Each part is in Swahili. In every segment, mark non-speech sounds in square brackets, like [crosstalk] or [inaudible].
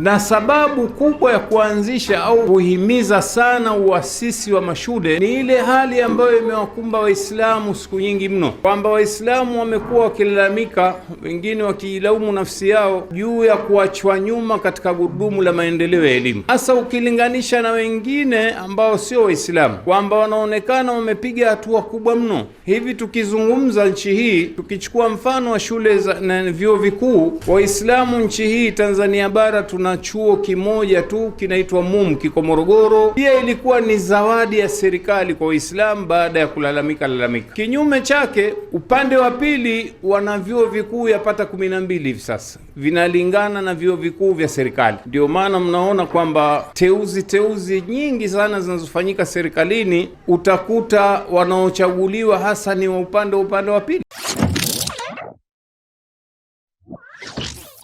Na sababu kubwa ya kuanzisha au kuhimiza sana uasisi wa mashule ni ile hali ambayo imewakumba Waislamu siku nyingi mno, kwamba Waislamu wamekuwa wakilalamika, wengine wakiilaumu nafsi yao juu ya kuachwa nyuma katika gurudumu la maendeleo ya elimu, hasa ukilinganisha na wengine ambao sio Waislamu, kwamba wanaonekana wamepiga hatua kubwa mno. Hivi tukizungumza nchi hii, tukichukua mfano wa shule za, na vyuo vikuu, Waislamu nchi hii Tanzania bara tuna kuna chuo kimoja tu kinaitwa MUM kiko Morogoro. Pia ilikuwa ni zawadi ya serikali kwa Waislamu baada ya kulalamika lalamika. Kinyume chake, upande wa pili wana vyuo vikuu yapata 12 hivi sasa vinalingana na vyuo vikuu vya serikali. Ndio maana mnaona kwamba teuzi teuzi nyingi sana zinazofanyika serikalini utakuta wanaochaguliwa hasa ni wa upande wa upande wa pili.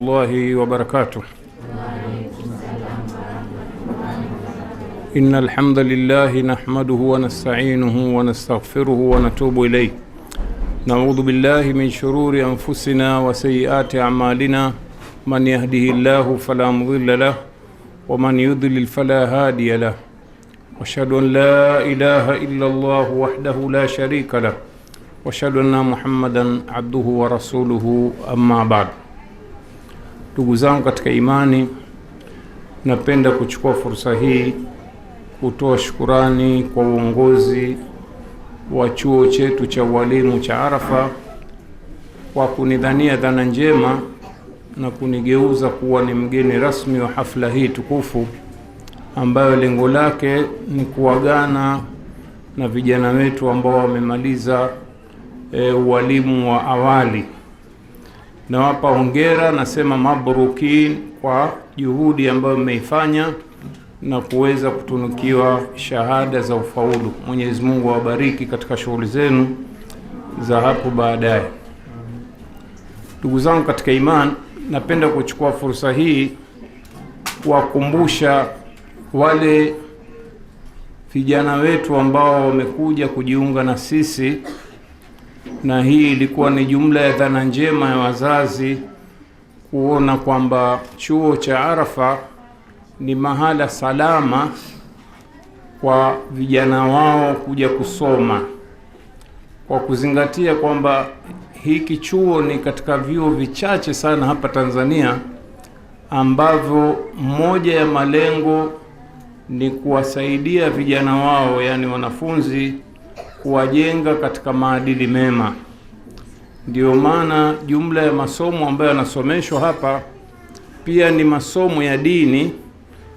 Allahi wabarakatuh. إن الحمد لله نحمده ونستعينه ونستغفره ونتوب إليه نعوذ بالله من شرور أنفسنا وسيئات أعمالنا من يهده الله فلا مضل له ومن يضلل فلا هادي له واشهد ان لا اله الا الله وحده لا شريك له واشهد ان محمدا عبده ورسوله اما بعد Ndugu zangu katika imani, napenda kuchukua fursa hii kutoa shukurani kwa uongozi wa chuo chetu cha ualimu cha Arafa kwa kunidhania dhana njema na kunigeuza kuwa ni mgeni rasmi wa hafla hii tukufu ambayo lengo lake ni kuagana na vijana wetu ambao wamemaliza e, ualimu wa awali. Nawapa hongera, nasema mabrukin kwa juhudi ambayo mmeifanya na kuweza kutunukiwa shahada za ufaulu. Mwenyezi Mungu awabariki katika shughuli zenu za hapo baadaye. Ndugu zangu katika imani, napenda kuchukua fursa hii kuwakumbusha wale vijana wetu ambao wamekuja kujiunga na sisi na hii ilikuwa ni jumla ya dhana njema ya wazazi kuona kwamba chuo cha Arafa ni mahala salama kwa vijana wao kuja kusoma, kwa kuzingatia kwamba hiki chuo ni katika vyuo vichache sana hapa Tanzania ambavyo moja ya malengo ni kuwasaidia vijana wao, yaani wanafunzi kuwajenga katika maadili mema. Ndiyo maana jumla ya masomo ambayo yanasomeshwa hapa pia ni masomo ya dini,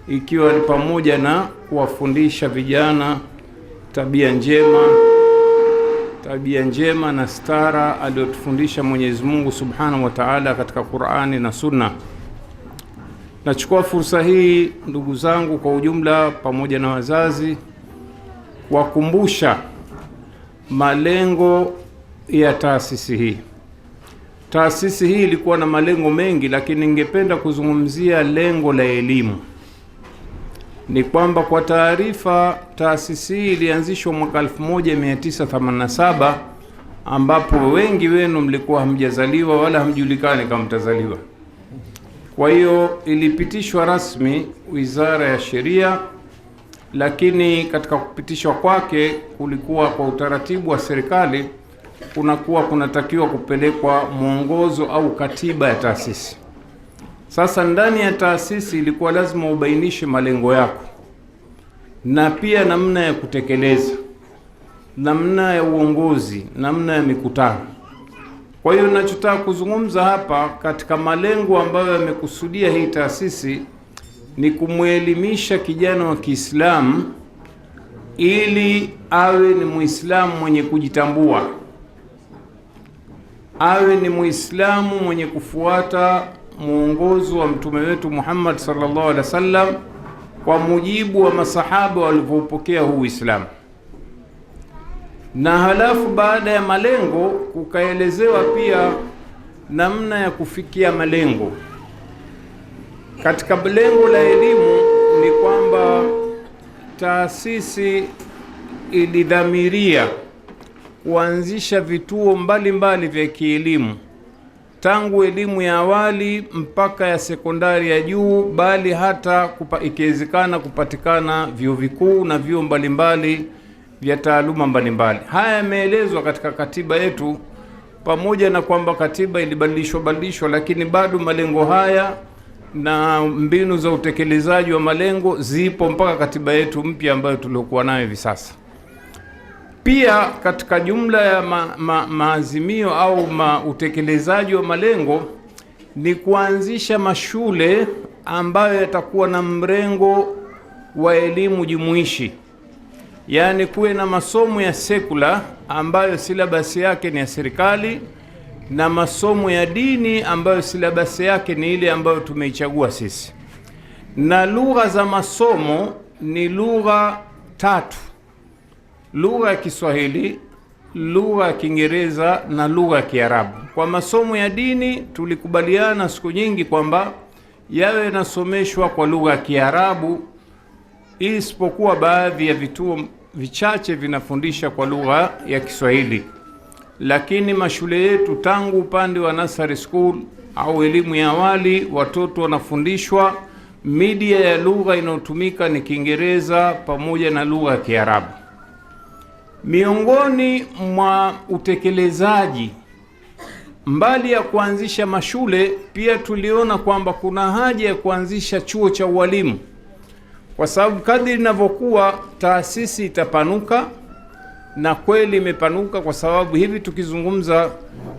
ikiwa ni pamoja na kuwafundisha vijana tabia njema, tabia njema na stara aliyotufundisha Mwenyezi Mungu Subhanahu wa Ta'ala katika Qur'ani na Sunna. Nachukua fursa hii ndugu zangu kwa ujumla, pamoja na wazazi, kuwakumbusha malengo ya taasisi hii. Taasisi hii ilikuwa na malengo mengi, lakini ningependa kuzungumzia lengo la elimu. Ni kwamba kwa taarifa, taasisi hii ilianzishwa mwaka 1987 ambapo wengi wenu mlikuwa hamjazaliwa wala hamjulikani kama mtazaliwa. Kwa hiyo ilipitishwa rasmi Wizara ya Sheria lakini katika kupitishwa kwake kulikuwa kwa utaratibu wa serikali kunakuwa kunatakiwa kupelekwa mwongozo au katiba ya taasisi. Sasa ndani ya taasisi ilikuwa lazima ubainishe malengo yako na pia namna ya kutekeleza, namna ya uongozi, namna ya mikutano. Kwa hiyo ninachotaka kuzungumza hapa katika malengo ambayo yamekusudia hii taasisi ni kumwelimisha kijana wa Kiislamu ili awe ni Muislamu mwenye kujitambua, awe ni Muislamu mwenye kufuata mwongozo wa mtume wetu Muhammad sallallahu alaihi wasallam kwa mujibu wa masahaba walivyopokea huu Uislamu. Na halafu baada ya malengo kukaelezewa pia namna ya kufikia malengo. Katika lengo la elimu ni kwamba taasisi ilidhamiria kuanzisha vituo mbalimbali vya kielimu tangu elimu ya awali mpaka ya sekondari ya juu, bali hata kupa, ikiwezekana kupatikana vyuo vikuu na vyuo mbalimbali vya taaluma mbalimbali. Haya yameelezwa katika katiba yetu, pamoja na kwamba katiba ilibadilishwa badilishwa, lakini bado malengo haya na mbinu za utekelezaji wa malengo zipo mpaka katiba yetu mpya ambayo tuliokuwa nayo hivi sasa. Pia katika jumla ya ma, ma, maazimio au ma, utekelezaji wa malengo ni kuanzisha mashule ambayo yatakuwa na mrengo wa elimu jumuishi, yaani kuwe na masomo ya sekula ambayo silabasi yake ni ya serikali na masomo ya dini ambayo silabasi yake ni ile ambayo tumeichagua sisi, na lugha za masomo ni lugha tatu: lugha ya Kiswahili, lugha ya Kiingereza na lugha ya Kiarabu. Kwa masomo ya dini tulikubaliana siku nyingi kwamba yawe yanasomeshwa kwa lugha ya Kiarabu, isipokuwa baadhi ya vituo vichache vinafundisha kwa lugha ya Kiswahili lakini mashule yetu tangu upande wa nursery school au elimu ya awali watoto wanafundishwa media ya lugha inayotumika ni Kiingereza pamoja na lugha ya Kiarabu. Miongoni mwa utekelezaji, mbali ya kuanzisha mashule, pia tuliona kwamba kuna haja ya kuanzisha chuo cha ualimu, kwa sababu kadri inavyokuwa taasisi itapanuka na kweli imepanuka, kwa sababu hivi tukizungumza,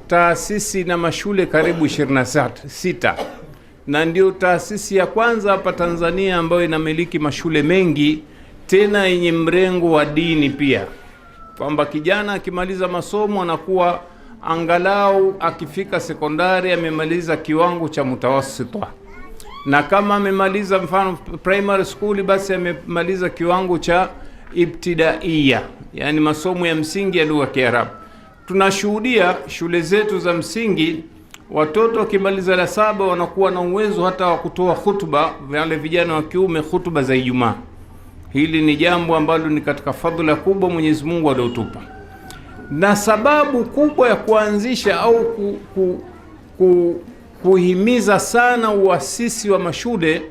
taasisi na mashule karibu 26 na ndio taasisi ya kwanza hapa Tanzania ambayo inamiliki mashule mengi tena yenye mrengo wa dini pia, kwamba kijana akimaliza masomo anakuwa angalau akifika sekondari amemaliza kiwango cha mutawasitwa na kama amemaliza mfano primary school, basi amemaliza kiwango cha ibtidaiya, yani masomo ya msingi ya lugha ya Kiarabu. Tunashuhudia shule zetu za msingi watoto wakimaliza la saba wanakuwa na uwezo hata wa kutoa hutuba, wale vijana wa kiume, hutuba za Ijumaa. Hili ni jambo ambalo ni katika fadhila kubwa Mwenyezi Mungu aliotupa, na sababu kubwa ya kuanzisha au ku, ku, ku, kuhimiza sana uasisi wa mashule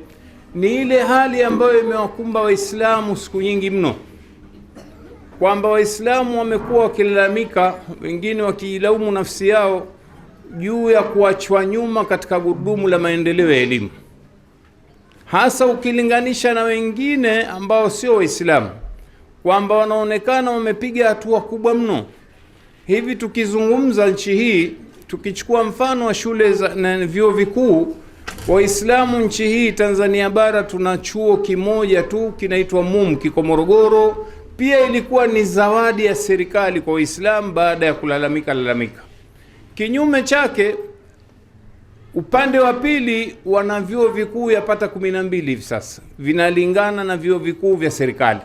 ni ile hali ambayo imewakumba Waislamu siku nyingi mno kwamba Waislamu wamekuwa wakilalamika, wengine wakiilaumu nafsi yao juu ya kuachwa nyuma katika gurudumu la maendeleo ya elimu, hasa ukilinganisha na wengine ambao sio Waislamu, kwamba wanaonekana wamepiga hatua kubwa mno. Hivi tukizungumza nchi hii, tukichukua mfano wa shule za, na vyuo vikuu Waislamu nchi hii Tanzania bara tuna chuo kimoja tu kinaitwa MUM kiko Morogoro. Pia ilikuwa ni zawadi ya serikali kwa Waislamu baada ya kulalamika lalamika. Kinyume chake, upande wa pili, wana vyuo vikuu yapata kumi na mbili hivi sasa vinalingana na vyuo vikuu vya serikali.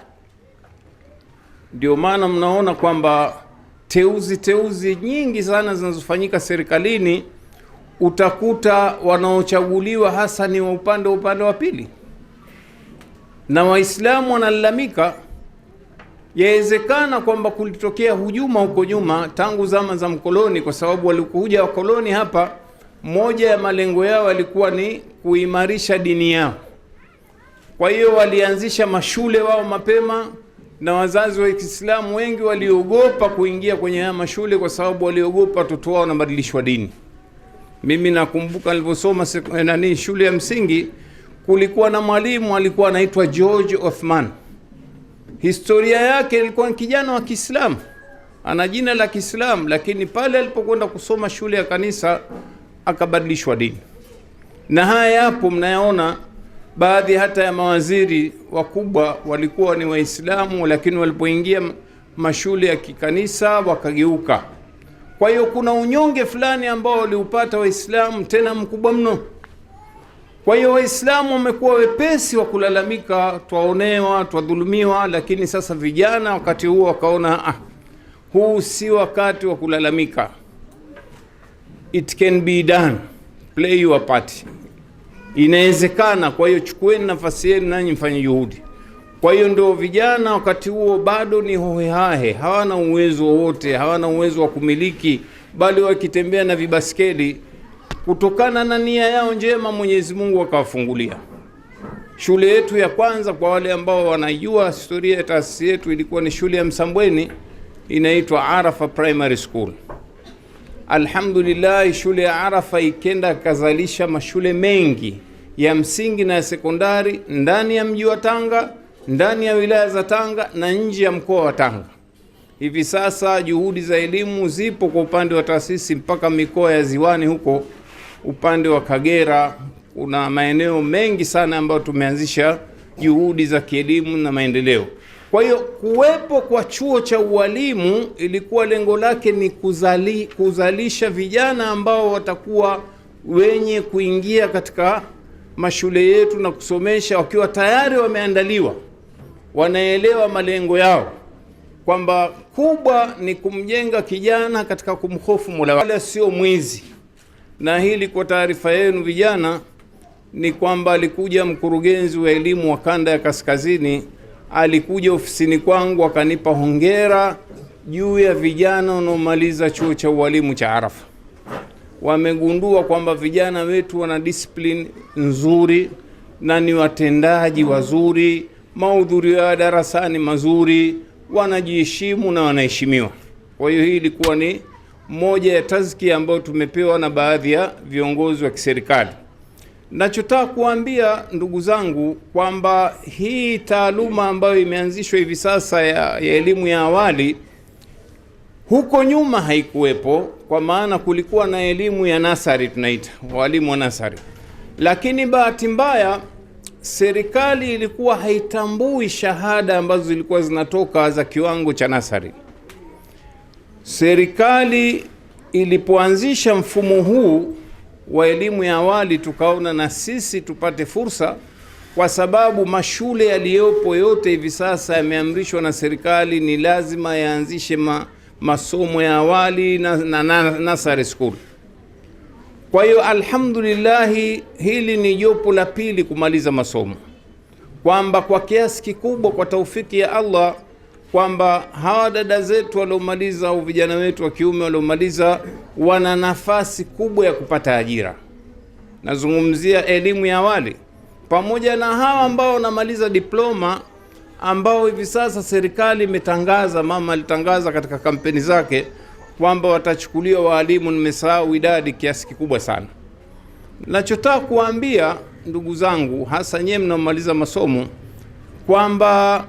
Ndio maana mnaona kwamba teuzi teuzi nyingi sana zinazofanyika serikalini utakuta wanaochaguliwa hasa ni wa upande wa upande wa pili, na Waislamu wanalalamika Yawezekana kwamba kulitokea hujuma huko nyuma tangu zama za mkoloni, kwa sababu walikuja wakoloni hapa, moja ya malengo yao yalikuwa ni kuimarisha dini yao. Kwa hiyo walianzisha mashule wao mapema, na wazazi wa Kiislamu wengi waliogopa kuingia kwenye haya mashule, kwa sababu waliogopa watoto wao wanabadilishwa dini. Mimi nakumbuka nilivyosoma nani shule ya msingi, kulikuwa na mwalimu alikuwa anaitwa George Othman Historia yake ilikuwa ni kijana wa Kiislamu, ana jina la Kiislamu, lakini pale alipokwenda kusoma shule ya kanisa akabadilishwa dini. Na haya yapo, mnayaona baadhi hata ya mawaziri wakubwa walikuwa ni Waislamu, lakini walipoingia mashule ya kikanisa wakageuka. Kwa hiyo kuna unyonge fulani ambao waliupata Waislamu, tena mkubwa mno. Kwa hiyo Waislamu wamekuwa wepesi wa kulalamika, twaonewa, twadhulumiwa, lakini sasa vijana wakati huo wakaona ah, huu si wakati wa kulalamika, it can be done, play your part, inawezekana. Kwa hiyo chukueni nafasi yenu, nanyi mfanye juhudi. Kwa hiyo ndio vijana wakati huo bado ni hohehahe, hawana uwezo wowote, hawana uwezo wa kumiliki, bali wakitembea na vibaskeli kutokana na nia yao njema, Mwenyezi Mungu akawafungulia shule yetu ya kwanza. Kwa wale ambao wanajua historia ya taasisi yetu, ilikuwa ni shule ya Msambweni, inaitwa Arafa Primary School. Alhamdulillah, shule ya Arafa ikenda kazalisha mashule mengi ya msingi na ya sekondari ndani ya mji wa Tanga, ndani ya wilaya za Tanga na nje ya mkoa wa Tanga. Hivi sasa juhudi za elimu zipo kwa upande wa taasisi mpaka mikoa ya ziwani huko upande wa Kagera kuna maeneo mengi sana ambayo tumeanzisha juhudi za kielimu na maendeleo. Kwa hiyo kuwepo kwa chuo cha ualimu ilikuwa lengo lake ni kuzali, kuzalisha vijana ambao watakuwa wenye kuingia katika mashule yetu na kusomesha wakiwa tayari wameandaliwa, wanaelewa malengo yao kwamba kubwa ni kumjenga kijana katika kumhofu Mola wala sio mwizi. Na hili kwa taarifa yenu vijana, ni kwamba alikuja mkurugenzi wa elimu wa kanda ya kaskazini, alikuja ofisini kwangu akanipa hongera juu ya vijana wanaomaliza chuo cha ualimu cha Arafa. Wamegundua kwamba vijana wetu wana discipline nzuri na ni watendaji wazuri, mahudhurio ya darasani mazuri wanajiheshimu na wanaheshimiwa. Kwa hiyo hii ilikuwa ni moja ya taski ambayo tumepewa na baadhi ya viongozi wa kiserikali. Nachotaka kuambia ndugu zangu kwamba hii taaluma ambayo imeanzishwa hivi sasa ya elimu ya, ya awali huko nyuma haikuwepo, kwa maana kulikuwa na elimu ya nasari, tunaita walimu wa nasari, lakini bahati mbaya serikali ilikuwa haitambui shahada ambazo zilikuwa zinatoka za kiwango cha nasari. Serikali ilipoanzisha mfumo huu wa elimu ya awali, tukaona na sisi tupate fursa, kwa sababu mashule yaliyopo yote hivi sasa yameamrishwa na serikali ni lazima yaanzishe ma, masomo ya awali na, na, na, nasari school. Kwa hiyo alhamdulillahi, hili ni jopo la pili kumaliza masomo, kwamba kwa kiasi kikubwa kwa taufiki ya Allah kwamba hawa dada zetu waliomaliza au vijana wetu wa kiume waliomaliza wana nafasi kubwa ya kupata ajira. Nazungumzia elimu ya awali, pamoja na hawa ambao wanamaliza diploma, ambao hivi sasa serikali imetangaza, mama alitangaza katika kampeni zake kwamba watachukuliwa waalimu, nimesahau idadi kiasi kikubwa sana. Nachotaka kuwaambia ndugu zangu, hasa nyewe mnaomaliza masomo kwamba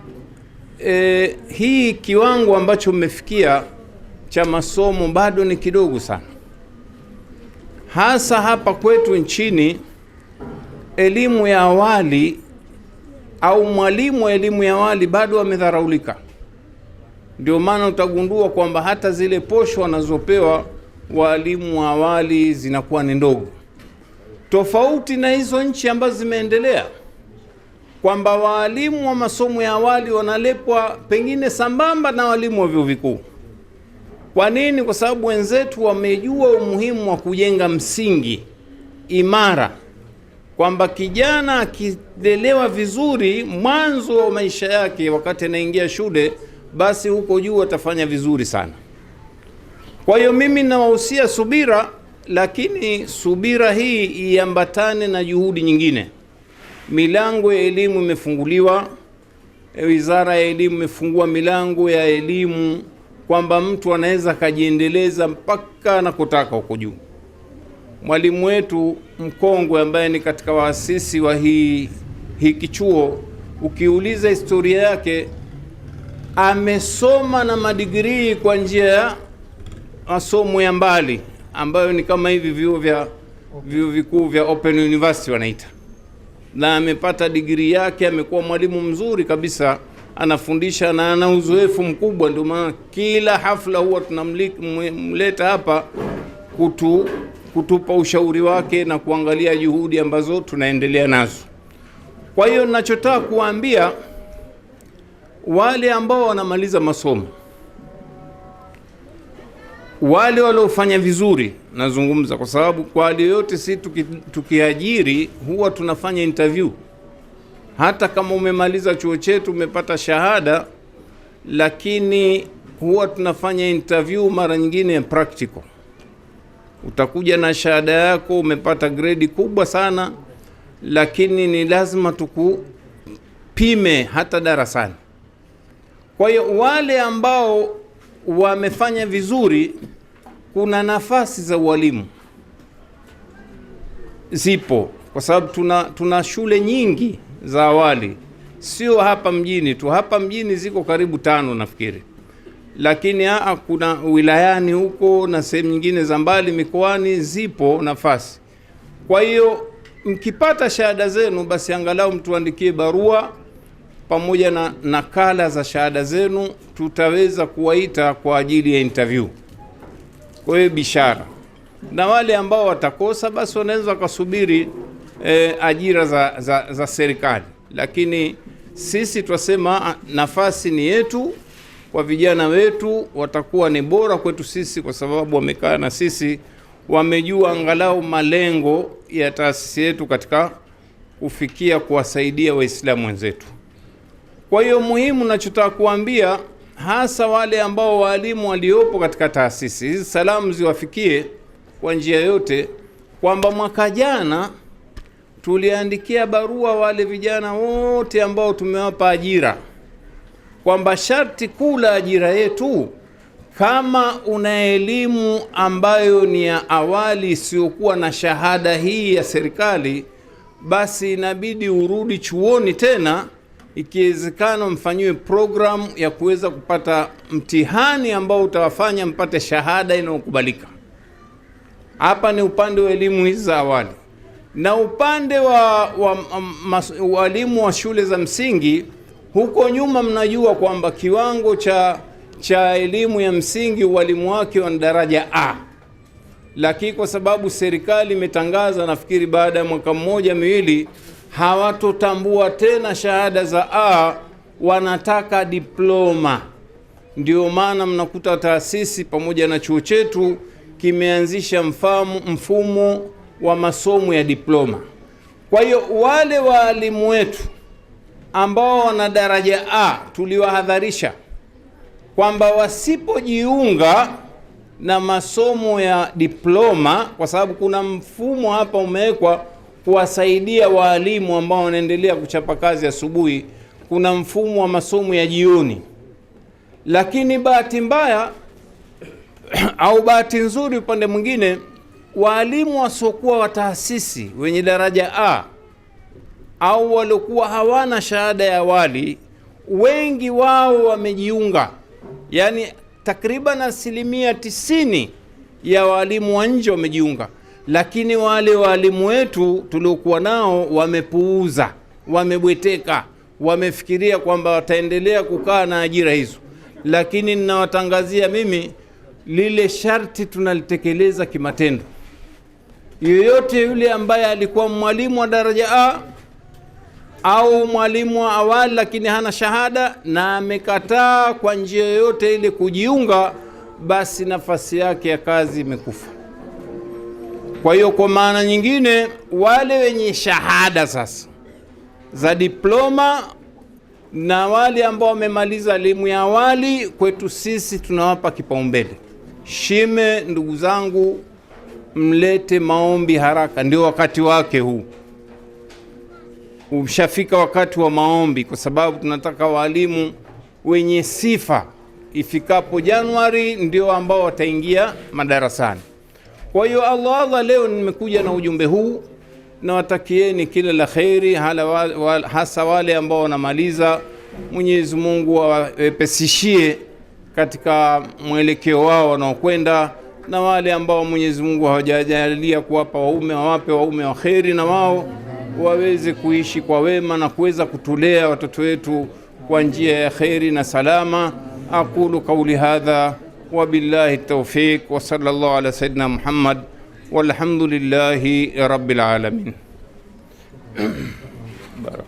e, hii kiwango ambacho mmefikia cha masomo bado ni kidogo sana, hasa hapa kwetu nchini. Elimu ya awali au mwalimu wa elimu ya awali bado wamedharaulika. Ndio maana utagundua kwamba hata zile posho wanazopewa waalimu wa awali zinakuwa ni ndogo, tofauti na hizo nchi ambazo zimeendelea, kwamba waalimu wa masomo ya awali wanalipwa pengine sambamba na walimu wa vyuo vikuu. Kwa nini? Kwa sababu wenzetu wamejua umuhimu wa kujenga msingi imara, kwamba kijana akilelewa vizuri mwanzo wa maisha yake, wakati anaingia shule basi huko juu watafanya vizuri sana. Kwa hiyo mimi nawahusia subira, lakini subira hii iambatane na juhudi nyingine. Milango ya elimu imefunguliwa, e, Wizara ya Elimu imefungua milango ya elimu kwamba mtu anaweza akajiendeleza mpaka anakotaka huko juu. Mwalimu wetu mkongwe ambaye ni katika waasisi wa hii hiki chuo, ukiuliza historia yake amesoma na madigrii kwa njia ya masomo ya mbali ambayo ni kama hivi vyuo vya vyuo vikuu vya open university wanaita, na amepata digrii yake, amekuwa mwalimu mzuri kabisa, anafundisha na ana uzoefu mkubwa. Ndio maana kila hafla huwa tunamleta hapa kutu kutupa ushauri wake na kuangalia juhudi ambazo tunaendelea nazo. Kwa hiyo ninachotaka kuambia wale ambao wanamaliza masomo, wale waliofanya vizuri, nazungumza kwa sababu kwa wale yote si tuki, tukiajiri huwa tunafanya interview. Hata kama umemaliza chuo chetu umepata shahada, lakini huwa tunafanya interview mara nyingine practical. Utakuja na shahada yako umepata gredi kubwa sana, lakini ni lazima tukupime hata darasani. Kwa hiyo wale ambao wamefanya vizuri, kuna nafasi za ualimu zipo, kwa sababu tuna, tuna shule nyingi za awali, sio hapa mjini tu. Hapa mjini ziko karibu tano nafikiri, lakini aa, kuna wilayani huko na sehemu nyingine za mbali mikoani zipo nafasi. Kwa hiyo mkipata shahada zenu, basi angalau mtuandikie barua pamoja na nakala za shahada zenu tutaweza kuwaita kwa ajili ya interview. Kwa hiyo bishara, na wale ambao watakosa basi wanaweza wakasubiri e, ajira za, za, za serikali, lakini sisi twasema ah, nafasi ni yetu kwa vijana wetu, watakuwa ni bora kwetu sisi kwa sababu wamekaa na sisi, wamejua angalau malengo ya taasisi yetu katika kufikia kuwasaidia Waislamu wenzetu. Kwa hiyo muhimu, nachotaka kuambia hasa wale ambao waalimu waliopo katika taasisi hizi, salamu ziwafikie kwa njia yote kwamba mwaka jana tuliandikia barua wale vijana wote ambao tumewapa ajira kwamba sharti kuu la ajira yetu, kama una elimu ambayo ni ya awali isiyokuwa na shahada hii ya serikali, basi inabidi urudi chuoni tena ikiwezekana mfanyiwe programu ya kuweza kupata mtihani ambao utawafanya mpate shahada inayokubalika. Hapa ni upande wa elimu hizi za awali, na upande wa um, walimu wa, wa shule za msingi huko nyuma, mnajua kwamba kiwango cha cha elimu ya msingi walimu wake wana daraja A, lakini kwa sababu serikali imetangaza, nafikiri baada ya mwaka mmoja miwili hawatotambua tena shahada za A, wanataka diploma. Ndio maana mnakuta taasisi pamoja na chuo chetu kimeanzisha mfamu, mfumo wa masomo ya diploma. Kwa hiyo wale waalimu wetu ambao wana daraja A tuliwahadharisha kwamba wasipojiunga na masomo ya diploma, kwa sababu kuna mfumo hapa umewekwa kuwasaidia waalimu ambao wanaendelea kuchapa kazi asubuhi, kuna mfumo wa masomo ya jioni. Lakini bahati mbaya [clears throat] au bahati nzuri, upande mwingine, waalimu wasiokuwa wa taasisi wenye daraja A au waliokuwa hawana shahada ya awali, wengi wao wamejiunga, yaani takriban asilimia tisini ya waalimu wa nje wamejiunga lakini wale waalimu wetu tuliokuwa nao wamepuuza, wamebweteka, wamefikiria kwamba wataendelea kukaa na ajira hizo. Lakini ninawatangazia mimi, lile sharti tunalitekeleza kimatendo. Yoyote yule ambaye alikuwa mwalimu wa daraja A au mwalimu wa awali lakini hana shahada na amekataa kwa njia yoyote ile kujiunga, basi nafasi yake ya kazi imekufa. Kwa hiyo kwa maana nyingine, wale wenye shahada sasa za diploma na wale ambao wamemaliza elimu ya awali, kwetu sisi tunawapa kipaumbele. Shime, ndugu zangu, mlete maombi haraka, ndio wakati wake huu. Ushafika wakati wa maombi, kwa sababu tunataka walimu wenye sifa ifikapo Januari ndio ambao wataingia madarasani. Kwa hiyo Allah Allah, leo nimekuja na ujumbe huu, nawatakieni kila la kheri, hasa wale ambao wanamaliza. Mwenyezi Mungu awepesishie katika mwelekeo wao wanaokwenda, na wale ambao Mwenyezi Mungu hawajajalia kuwapa waume, wawape waume wa kheri na wao waweze kuishi kwa wema na kuweza kutulea watoto wetu kwa njia ya kheri na salama. Aqulu kauli hadha وبالله التوفيق وصلى الله على سيدنا محمد والحمد لله رب العالمين [clears throat]